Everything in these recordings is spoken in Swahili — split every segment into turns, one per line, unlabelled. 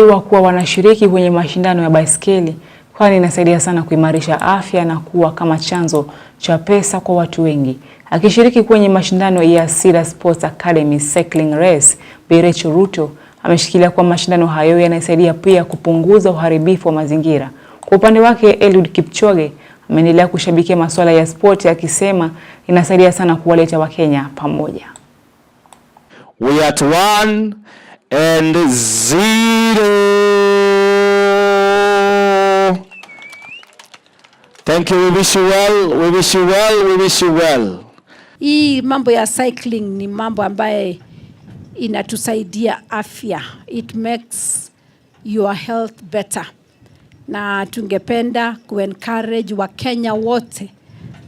wanadaiwa kuwa wanashiriki kwenye mashindano ya baiskeli kwani inasaidia sana kuimarisha afya na kuwa kama chanzo cha pesa kwa watu wengi. Akishiriki kwenye mashindano ya Cedar Sports Academy Cycling Race, Bi Rachel Ruto ameshikilia kuwa mashindano hayo yanasaidia pia kupunguza uharibifu wa mazingira. Kwa upande wake, Eliud Kipchoge ameendelea kushabikia masuala ya spoti akisema inasaidia sana kuwaleta Wakenya pamoja.
We are at one and zero. Thank you. We wish you well. We wish you well. We wish you well.
Hii mambo ya cycling ni mambo ambaye inatusaidia afya. It makes your health better. Na tungependa kuencourage Kenya wote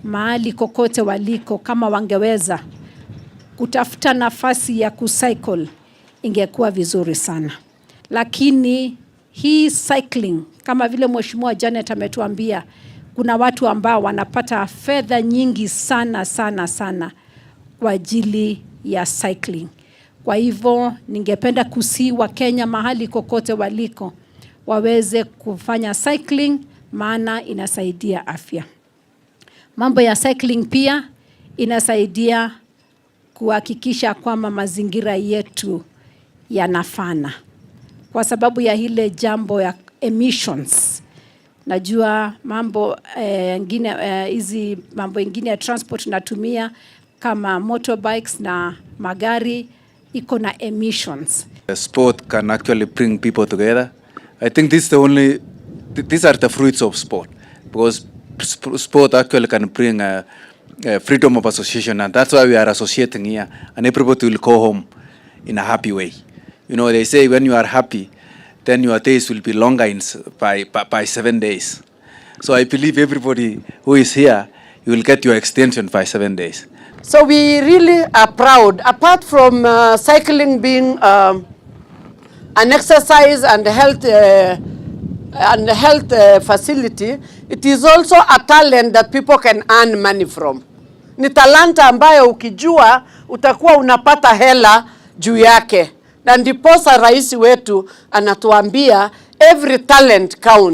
mahali kokote waliko, kama wangeweza kutafuta nafasi ya kucycle ingekuwa vizuri sana, lakini hii cycling kama vile Mheshimiwa Janet ametuambia kuna watu ambao wanapata fedha nyingi sana sana sana kwa ajili ya cycling. Kwa hivyo ningependa kusii kenya mahali kokote waliko waweze kufanya cycling, maana inasaidia afya. Mambo ya cycling pia inasaidia kuhakikisha kwamba mazingira yetu yanafana kwa sababu ya ile jambo ya emissions najua mambo mengine eh, eh, hizi eh, mambo ingine ya transport natumia kama motorbikes na magari iko na emissions.
Sport can actually bring people together. I think this is the only these are the fruits of sport because sport actually can bring a, uh, a uh, freedom of association and that's why we are associating here and everybody will go home in a happy way. You know, they say when you are happy then your days will be longer in, by, by, by seven days. So I believe everybody who is here, you will get your extension by seven days.
So we really are proud. Apart from uh, cycling being um, an exercise and health uh, and health uh, facility, it is also a talent that people can earn money from. Ni talanta ambayo ukijua utakuwa unapata hela juu yake na ndiposa rais wetu anatuambia every talent count.